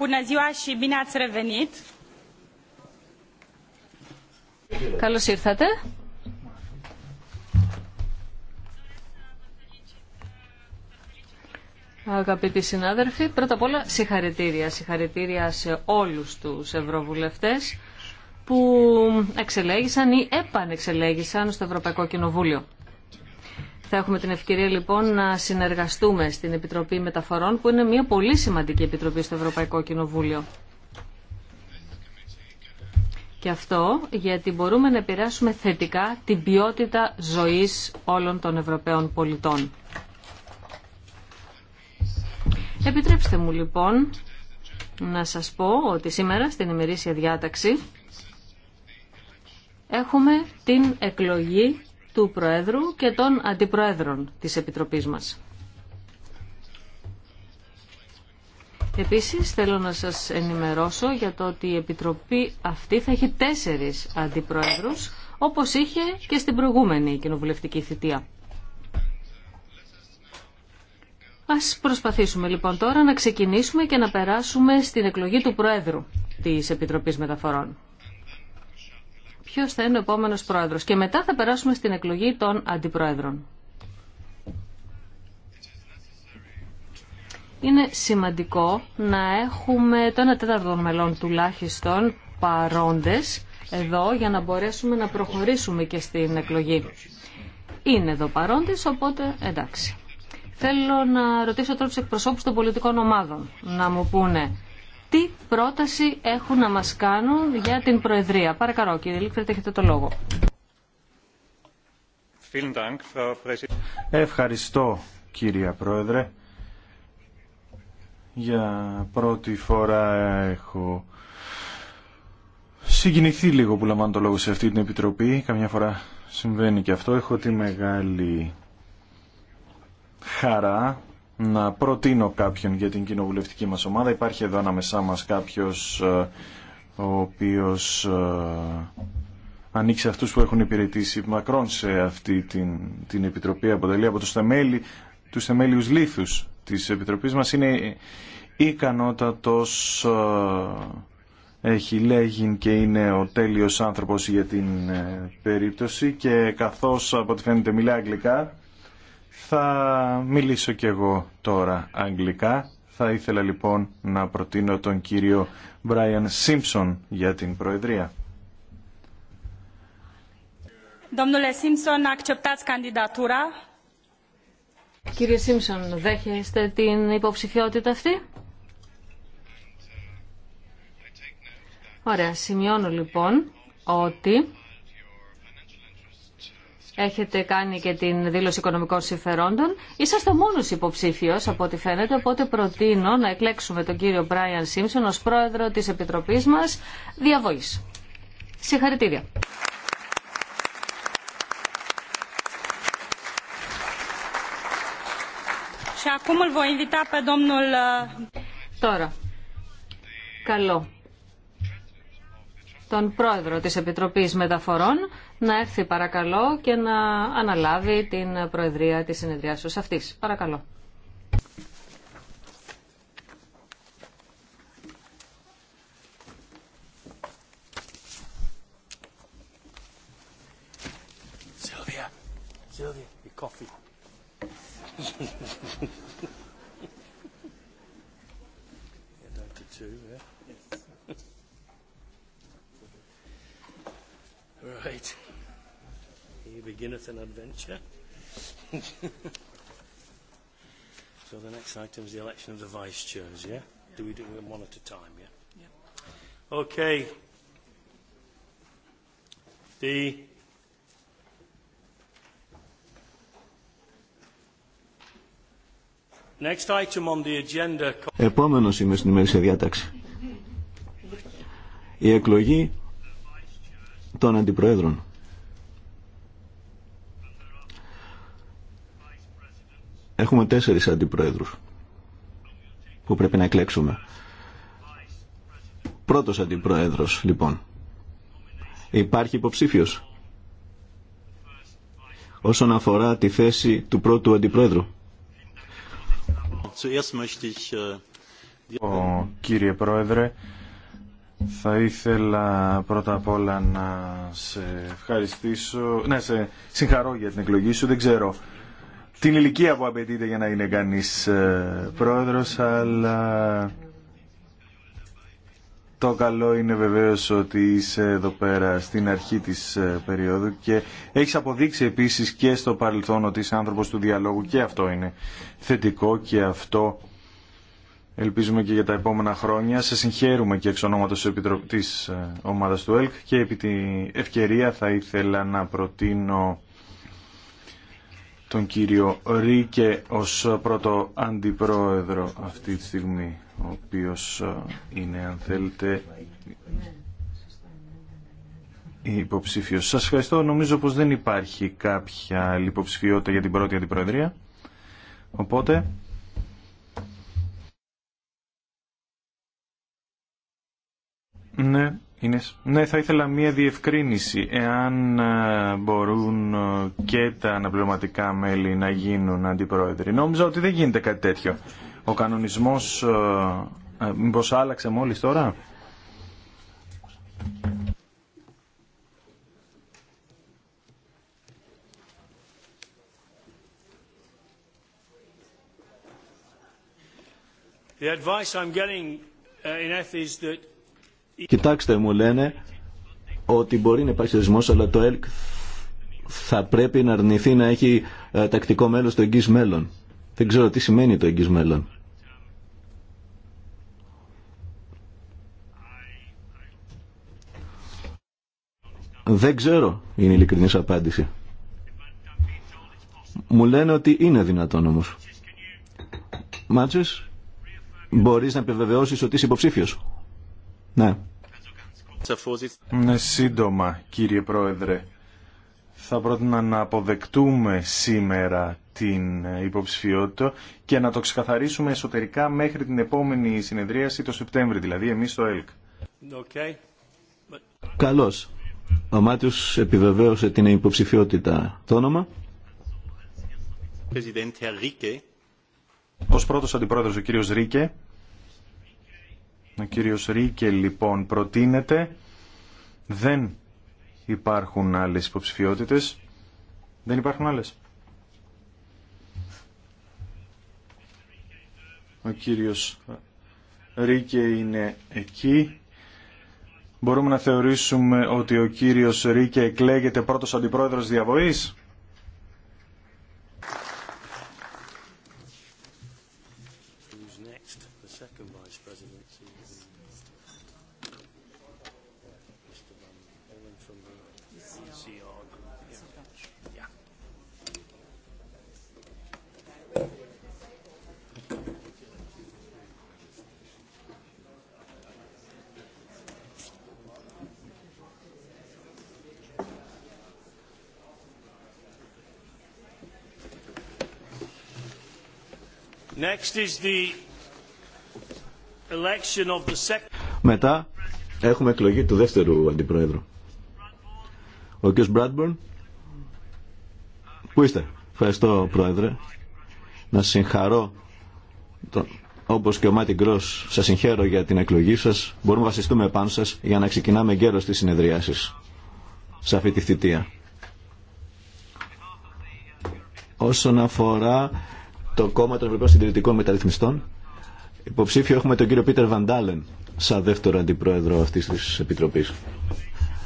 Bună Καλώς ήρθατε! Αγαπητοί συνάδελφοι, πρώτα απ' όλα συγχαρητήρια. Συγχαρητήρια σε όλους τους ευρωβουλευτές που εξελέγησαν ή επανεξελέγησαν στο Ευρωπαϊκό Κοινοβούλιο. Θα έχουμε την ευκαιρία λοιπόν να συνεργαστούμε στην Επιτροπή Μεταφορών που είναι μια πολύ σημαντική επιτροπή στο Ευρωπαϊκό Κοινοβούλιο. Και αυτό γιατί μπορούμε να επηρεάσουμε θετικά την ποιότητα ζωής όλων των Ευρωπαίων πολιτών. Επιτρέψτε μου λοιπόν να σας πω ότι σήμερα στην ημερήσια διάταξη έχουμε την εκλογή του Προέδρου και των Αντιπροέδρων της Επιτροπής μας. Επίσης θέλω να σας ενημερώσω για το ότι η Επιτροπή αυτή θα έχει τέσσερις αντιπροέδρους, όπως είχε και στην προηγούμενη κοινοβουλευτική θητεία. Ας προσπαθήσουμε λοιπόν τώρα να ξεκινήσουμε και να περάσουμε στην εκλογή του Προέδρου της Επιτροπής Μεταφορών ποιο θα είναι ο επόμενο πρόεδρο. Και μετά θα περάσουμε στην εκλογή των αντιπρόεδρων. Είναι σημαντικό να έχουμε το 1 τέταρτο μελών τουλάχιστον παρόντες εδώ για να μπορέσουμε να προχωρήσουμε και στην εκλογή. Είναι εδώ παρόντες, οπότε εντάξει. Θέλω να ρωτήσω τώρα τους εκπροσώπους των πολιτικών ομάδων να μου πούνε τι πρόταση έχουν να μας κάνουν για την Προεδρία. Παρακαλώ κύριε Λίκτρετ, έχετε το λόγο. Ευχαριστώ κύριε Πρόεδρε. Για πρώτη φορά έχω συγκινηθεί λίγο που λαμβάνω το λόγο σε αυτή την επιτροπή. Καμιά φορά συμβαίνει και αυτό. Έχω τη μεγάλη χαρά να προτείνω κάποιον για την κοινοβουλευτική μας ομάδα. Υπάρχει εδώ ανάμεσά μας κάποιος ε, ο οποίος ε, ανοίξει αυτούς που έχουν υπηρετήσει μακρόν σε αυτή την, την επιτροπή. Αποτελεί από τους, θεμέλη, τους θεμέλιους λήθους της επιτροπής μας. Είναι ικανότατος, ε, έχει λέγει και είναι ο τέλειος άνθρωπος για την περίπτωση και καθώς από ό,τι φαίνεται μιλά αγγλικά θα μιλήσω κι εγώ τώρα αγγλικά. Θα ήθελα λοιπόν να προτείνω τον κύριο Μπράιαν Σίμψον για την Προεδρία. Domnule Simpson, acceptați candidatura. Κύριε Σίμψον, δέχεστε την υποψηφιότητα αυτή. Ωραία, σημειώνω λοιπόν ότι έχετε κάνει και την δήλωση οικονομικών συμφερόντων. Είσαστε ο μόνος υποψήφιος από ό,τι φαίνεται, οπότε προτείνω να εκλέξουμε τον κύριο Μπράιαν Σίμψον ως πρόεδρο της Επιτροπής μας διαβοής. Συγχαρητήρια. Τώρα, καλό τον πρόεδρο της Επιτροπής Μεταφορών να έρθει παρακαλώ και να αναλάβει την προεδρία της συνεδριάσεως αυτής. Παρακαλώ. an adventure. So the next item is the election of the vice chairs, yeah? Do we do them one at a time, yeah? Yeah. Okay. The Next item on the agenda... Επόμενος είμαι στην ημερήσια διάταξη. Η εκλογή των αντιπροέδρων. Έχουμε τέσσερις αντιπρόεδρους που πρέπει να εκλέξουμε. Πρώτος αντιπρόεδρος, λοιπόν. Υπάρχει υποψήφιος όσον αφορά τη θέση του πρώτου αντιπρόεδρου. Äh, Ο, κύριε Πρόεδρε, θα ήθελα πρώτα απ' όλα να σε ευχαριστήσω, να σε συγχαρώ για την εκλογή σου. Δεν ξέρω την ηλικία που απαιτείται για να είναι κανείς ε, πρόεδρος, αλλά το καλό είναι βεβαίως ότι είσαι εδώ πέρα στην αρχή της ε, περίοδου και έχεις αποδείξει επίσης και στο παρελθόν ότι είσαι άνθρωπος του διαλόγου και αυτό είναι θετικό και αυτό ελπίζουμε και για τα επόμενα χρόνια. Σε συγχαίρουμε και εξ ονόματος της ε, ομάδας του ΕΛΚ και επί την ευκαιρία θα ήθελα να προτείνω τον κύριο Ρίκε ως πρώτο αντιπρόεδρο αυτή τη στιγμή, ο οποίος ε, είναι, αν θέλετε, υποψήφιος. Σας ευχαριστώ. Νομίζω πως δεν υπάρχει κάποια υποψηφιότητα για την πρώτη αντιπροεδρία. Οπότε... Ναι, ναι, θα ήθελα μία διευκρίνηση. Εάν ε, μπορούν ε, και τα αναπληρωματικά μέλη να γίνουν αντιπρόεδροι. Νόμιζα ότι δεν γίνεται κάτι τέτοιο. Ο κανονισμός ε, μήπως άλλαξε μόλις τώρα. The advice I'm getting uh, in is Κοιτάξτε, μου λένε ότι μπορεί να υπάρχει θεσμός, αλλά το ΕΛΚ θα πρέπει να αρνηθεί να έχει ε, τακτικό μέλος στο εγγύς μέλλον. Δεν ξέρω τι σημαίνει το εγγύς μέλλον. Δεν ξέρω, είναι η ειλικρινής απάντηση. Μου λένε ότι είναι δυνατόν όμως. Μάτσες, μπορείς να επιβεβαιώσεις ότι είσαι υποψήφιος. Ναι. Ναι, σύντομα, κύριε Πρόεδρε. Θα πρότεινα να αποδεκτούμε σήμερα την ε, υποψηφιότητα και να το ξεκαθαρίσουμε εσωτερικά μέχρι την επόμενη συνεδρίαση το Σεπτέμβρη, δηλαδή εμείς στο ΕΛΚ. Okay. Καλώς. Ο Μάτιος επιβεβαίωσε την υποψηφιότητα. Το όνομα? Ως πρώτος αντιπρόεδρος ο κύριος Ρίκε. Ο κύριος Ρίκε λοιπόν προτείνεται. Δεν υπάρχουν άλλες υποψηφιότητες. Δεν υπάρχουν άλλες. Ο κύριος Ρίκε είναι εκεί. Μπορούμε να θεωρήσουμε ότι ο κύριος Ρίκε εκλέγεται πρώτος αντιπρόεδρος διαβοής. next, the second vice presidency. Mr. Van Ellen from the CR group. Yeah. Next is the μετά έχουμε εκλογή του δεύτερου αντιπρόεδρου. Ο κ. Μπράντμπορν. Πού είστε. Ευχαριστώ, Πρόεδρε. Να συγχαρώ, τον, όπως και ο Μάτι Γκρός, σας συγχαίρω για την εκλογή σας. Μπορούμε να βασιστούμε πάνω σας για να ξεκινάμε γέρος τις συνεδριάσεις σε αυτή τη θητεία. Όσον αφορά το κόμμα των Ευρωπαίων Συντηρητικών Μεταρρυθμιστών, Υποψήφιο έχουμε τον κύριο Πίτερ Βαντάλεν, σαν δεύτερο αντιπρόεδρο αυτής της Επιτροπής.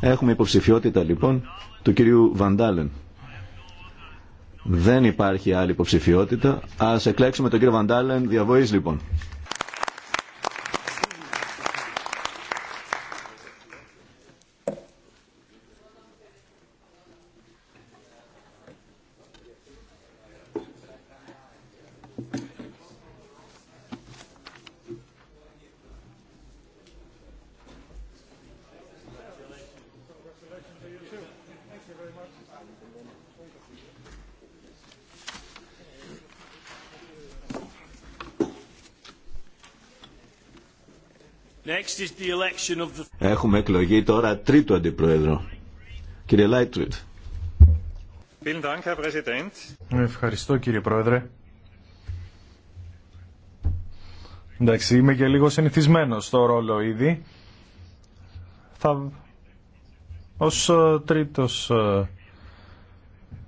Έχουμε υποψηφιότητα λοιπόν του κυρίου Βαντάλεν. Δεν υπάρχει άλλη υποψηφιότητα. Ας εκλέξουμε τον κύριο Βαντάλεν διαβοής λοιπόν. Έχουμε εκλογή τώρα τρίτου αντιπρόεδρο. Κύριε Λάιτουιτ. Ευχαριστώ κύριε Πρόεδρε. Εντάξει, είμαι και λίγο συνηθισμένο στο ρόλο ήδη. Θα... Ως ε, τρίτος... Ε,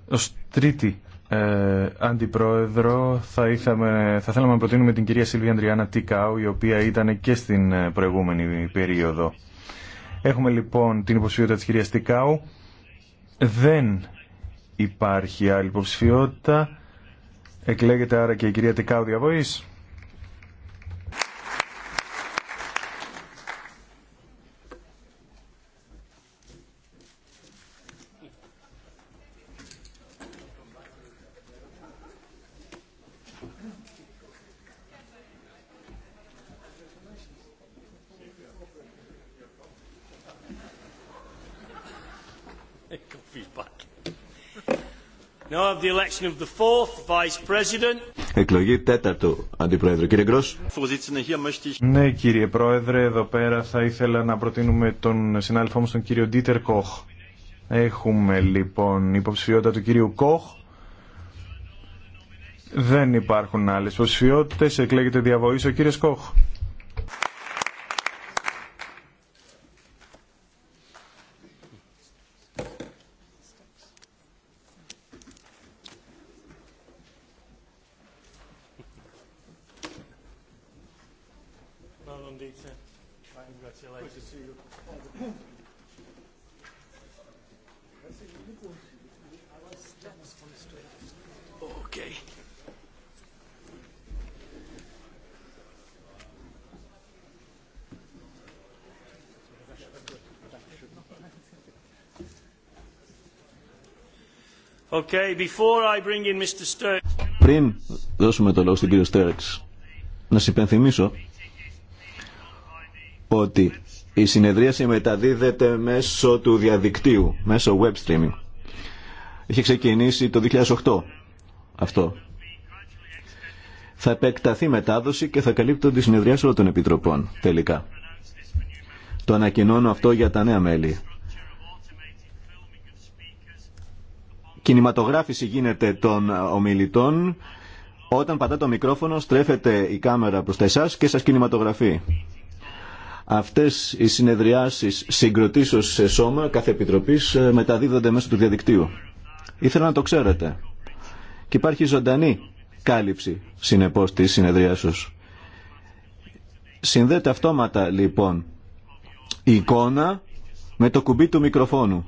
ως τρίτη ε, αντιπρόεδρο θα, ήθελα θέλαμε να προτείνουμε την κυρία Σιλβία Αντριάννα Τικάου η οποία ήταν και στην ε, προηγούμενη περίοδο. Έχουμε λοιπόν την υποψηφιότητα της κυρίας Τικάου. Δεν υπάρχει άλλη υποψηφιότητα. Εκλέγεται άρα και η κυρία Τικάου διαβοής. Εκλογή τέταρτου αντιπρόεδρου. Κύριε Γκρός. Ναι κύριε Πρόεδρε, εδώ πέρα θα ήθελα να προτείνουμε τον συνάδελφό μου τον κύριο Ντίτερ Κοχ. Έχουμε λοιπόν υποψηφιότητα του κύριου Κοχ. Δεν υπάρχουν άλλες υποψηφιότητες. Εκλέγεται διαβοής ο κύριος Κοχ. Πριν δώσουμε το λόγο στον κύριο Στέρεξ, να σας υπενθυμίσω ότι η συνεδρίαση μεταδίδεται μέσω του διαδικτύου, μέσω web streaming. Είχε ξεκινήσει το 2008 αυτό. Θα επεκταθεί μετάδοση και θα καλύπτω τη συνεδρίαση όλων των επιτροπών τελικά. Το ανακοινώνω αυτό για τα νέα μέλη κινηματογράφηση γίνεται των ομιλητών όταν πατάτε το μικρόφωνο στρέφεται η κάμερα προς τα εσάς και σας κινηματογραφεί. Αυτές οι συνεδριάσεις συγκροτήσεως σε σώμα κάθε επιτροπής ε, μεταδίδονται μέσω του διαδικτύου. Ήθελα να το ξέρετε. Και υπάρχει ζωντανή κάλυψη συνεπώς της συνεδριάσεως. Συνδέεται αυτόματα λοιπόν η εικόνα με το κουμπί του μικροφώνου.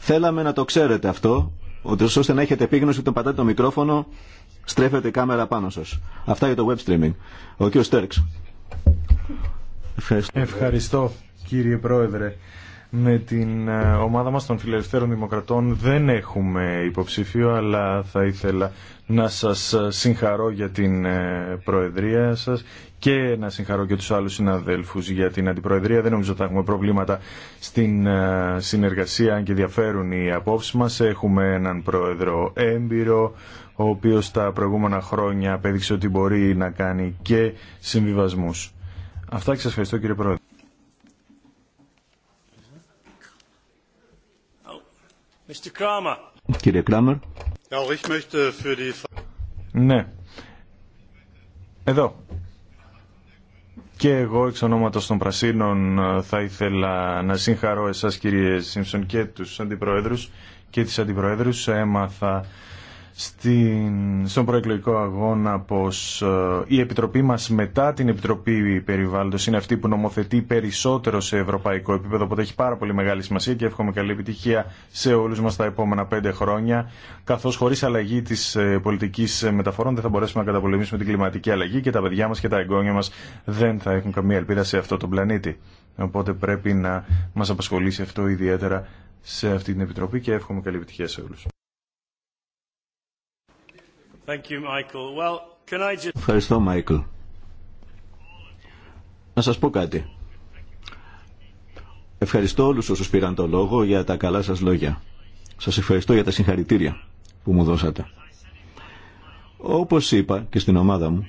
Θέλαμε να το ξέρετε αυτό οτι ώστε να έχετε επίγνωση όταν πατάτε το μικρόφωνο στρέφεται η κάμερα πάνω σας. Αυτά για το web streaming. Ο κ. Στέρξ. Ευχαριστώ. κύριε Πρόεδρε. Με την ε, ομάδα μας των Φιλελευθέρων Δημοκρατών δεν έχουμε υποψήφιο, αλλά θα ήθελα να σας ε, συγχαρώ για την ε, Προεδρία σας και να συγχαρώ και τους άλλους συναδέλφους για την Αντιπροεδρία. Δεν νομίζω ότι θα έχουμε προβλήματα στην ε, συνεργασία, αν και διαφέρουν οι απόψεις μας. Έχουμε έναν πρόεδρο έμπειρο, ο οποίος τα προηγούμενα χρόνια απέδειξε ότι μπορεί να κάνει και συμβιβασμούς. Αυτά και σας ευχαριστώ κύριε Πρόεδρε. Κύριε Κράμερ. Ναι. Εδώ. Και εγώ εξ ονόματος των Πρασίνων θα ήθελα να συγχαρώ εσάς κύριε Σίμψον και τους αντιπροέδρους και τις αντιπροέδρους. Έμαθα στην, στον προεκλογικό αγώνα πως ε, η Επιτροπή μας μετά την Επιτροπή Περιβάλλοντος είναι αυτή που νομοθετεί περισσότερο σε ευρωπαϊκό επίπεδο οπότε έχει πάρα πολύ μεγάλη σημασία και εύχομαι καλή επιτυχία σε όλους μας τα επόμενα πέντε χρόνια καθώς χωρίς αλλαγή της ε, πολιτικής μεταφορών δεν θα μπορέσουμε να καταπολεμήσουμε την κλιματική αλλαγή και τα παιδιά μας και τα εγγόνια μας δεν θα έχουν καμία ελπίδα σε αυτό το πλανήτη. Οπότε πρέπει να μας απασχολήσει αυτό ιδιαίτερα σε αυτή την Επιτροπή και εύχομαι καλή επιτυχία σε όλους. Ευχαριστώ, Μάικλ. Να σας πω κάτι. Ευχαριστώ όλους όσους πήραν το λόγο για τα καλά σας λόγια. Σας ευχαριστώ για τα συγχαρητήρια που μου δώσατε. Όπως είπα και στην ομάδα μου,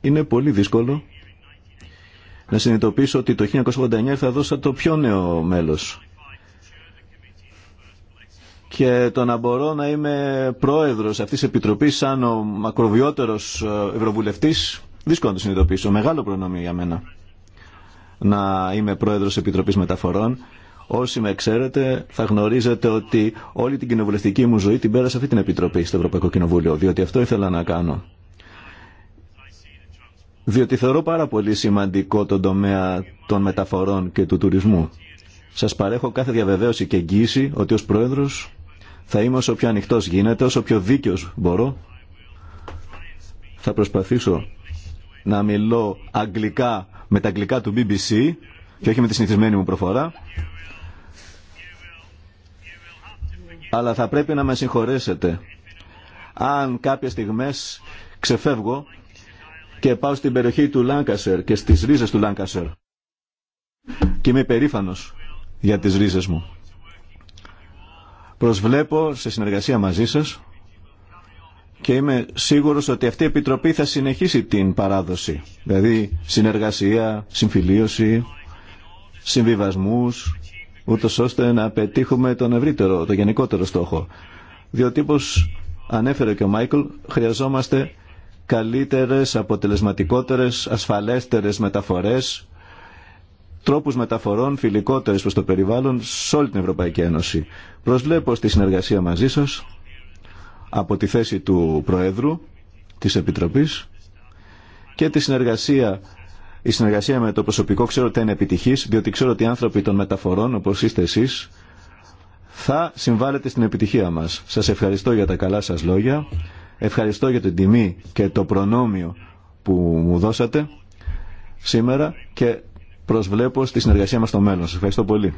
είναι πολύ δύσκολο να συνειδητοποιήσω ότι το 1989 θα δώσα το πιο νέο μέλος και το να μπορώ να είμαι πρόεδρος αυτής της Επιτροπής σαν ο μακροβιότερος ε, ευρωβουλευτής, δύσκολο να το συνειδητοποιήσω. Μεγάλο προνόμιο για μένα να είμαι πρόεδρος Επιτροπής Μεταφορών. Όσοι με ξέρετε θα γνωρίζετε ότι όλη την κοινοβουλευτική μου ζωή την πέρασα αυτή την Επιτροπή στο Ευρωπαϊκό Κοινοβούλιο, διότι αυτό ήθελα να κάνω. Διότι θεωρώ πάρα πολύ σημαντικό τον τομέα των μεταφορών και του τουρισμού. Σας παρέχω κάθε διαβεβαίωση και εγγύηση ότι ως πρόεδρος θα είμαι όσο πιο ανοιχτό γίνεται, όσο πιο δίκαιο μπορώ. Θα προσπαθήσω να μιλώ αγγλικά με τα αγγλικά του BBC και όχι με τη συνηθισμένη μου προφορά. Αλλά θα πρέπει να με συγχωρέσετε αν κάποιες στιγμές ξεφεύγω και πάω στην περιοχή του Λάνκασερ και στις ρίζες του Λάνκασερ. Και είμαι περήφανος για τις ρίζες μου. Προσβλέπω σε συνεργασία μαζί σας και είμαι σίγουρος ότι αυτή η Επιτροπή θα συνεχίσει την παράδοση. Δηλαδή συνεργασία, συμφιλίωση, συμβιβασμούς, ούτω ώστε να πετύχουμε τον ευρύτερο, τον γενικότερο στόχο. Διότι όπως ανέφερε και ο Μάικλ, χρειαζόμαστε καλύτερες, αποτελεσματικότερες, ασφαλέστερες μεταφορές τρόπους μεταφορών φιλικότερες προς το περιβάλλον σε όλη την Ευρωπαϊκή Ένωση. Προσβλέπω στη συνεργασία μαζί σας από τη θέση του Προέδρου της Επιτροπής και τη συνεργασία η συνεργασία με το προσωπικό ξέρω ότι είναι επιτυχή, διότι ξέρω ότι οι άνθρωποι των μεταφορών, όπω είστε εσεί, θα συμβάλλετε στην επιτυχία μα. Σα ευχαριστώ για τα καλά σα λόγια. Ευχαριστώ για την τιμή και το προνόμιο που μου δώσατε σήμερα προσβλέπω στη συνεργασία μας στο μέλλον. Σας ευχαριστώ πολύ.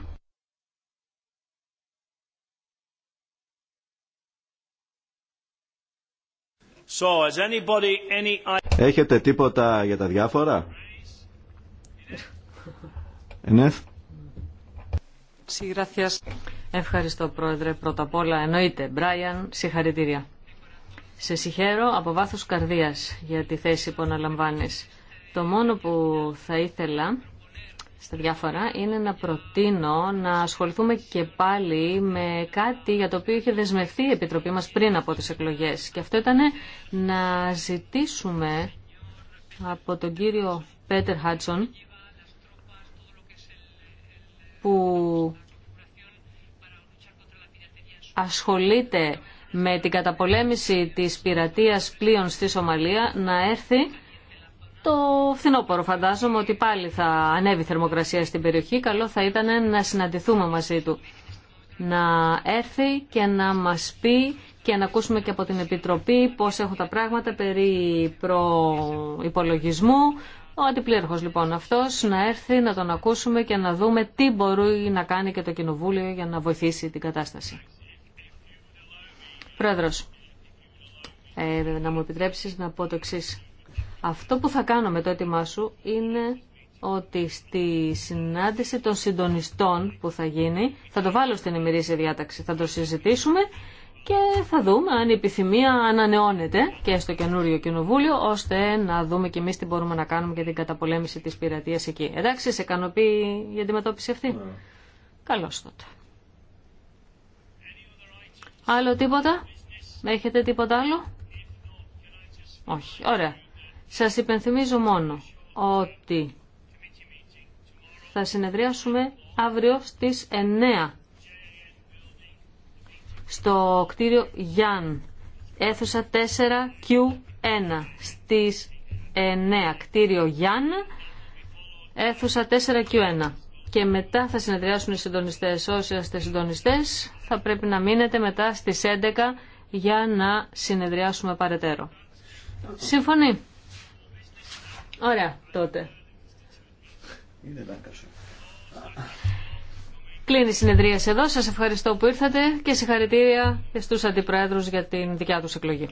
Έχετε τίποτα για τα διάφορα? Ενέφ. Ευχαριστώ πρόεδρε. Πρώτα απ' όλα εννοείται. Μπράιαν, συγχαρητήρια. Σε συγχαίρω από βάθος καρδίας για τη θέση που αναλαμβάνεις. Το μόνο που θα ήθελα στα διάφορα είναι να προτείνω να ασχοληθούμε και πάλι με κάτι για το οποίο είχε δεσμευτεί η Επιτροπή μας πριν από τις εκλογές. Και αυτό ήταν να ζητήσουμε από τον κύριο Πέτερ Χάτσον που ασχολείται με την καταπολέμηση της πειρατείας πλοίων στη Σομαλία να έρθει το φθινόπωρο φαντάζομαι ότι πάλι θα ανέβει η θερμοκρασία στην περιοχή. Καλό θα ήταν να συναντηθούμε μαζί του. Να έρθει και να μας πει και να ακούσουμε και από την Επιτροπή πώς έχουν τα πράγματα περί προϋπολογισμού. Ο αντιπλήρχος λοιπόν αυτός να έρθει να τον ακούσουμε και να δούμε τι μπορεί να κάνει και το Κοινοβούλιο για να βοηθήσει την κατάσταση. Πρόεδρος, ε, να μου επιτρέψεις να πω το εξής. Αυτό που θα κάνω με το έτοιμά σου είναι ότι στη συνάντηση των συντονιστών που θα γίνει, θα το βάλω στην ημερήσια διάταξη, θα το συζητήσουμε και θα δούμε αν η επιθυμία ανανεώνεται και στο καινούριο κοινοβούλιο, ώστε να δούμε και εμείς τι μπορούμε να κάνουμε για την καταπολέμηση της πειρατείας εκεί. Εντάξει, σε ικανοποιεί η αντιμετώπιση αυτή. Καλώ ναι. Καλώς τότε. Άλλο τίποτα? Έχετε τίποτα άλλο? Όχι. Ωραία. Σας υπενθυμίζω μόνο ότι θα συνεδριάσουμε αύριο στις 9 στο κτίριο Γιάν, αίθουσα 4Q1 στις 9, κτίριο Γιάν, αίθουσα 4Q1. Και μετά θα συνεδριάσουν οι συντονιστές. Όσοι είστε συντονιστές θα πρέπει να μείνετε μετά στις 11 για να συνεδριάσουμε παρετέρω. Συμφωνεί. Ωραία, τότε. Είναι Κλείνει η συνεδρία εδώ. Σας ευχαριστώ που ήρθατε και συγχαρητήρια στού στους αντιπρόεδρους για την δικιά τους εκλογή.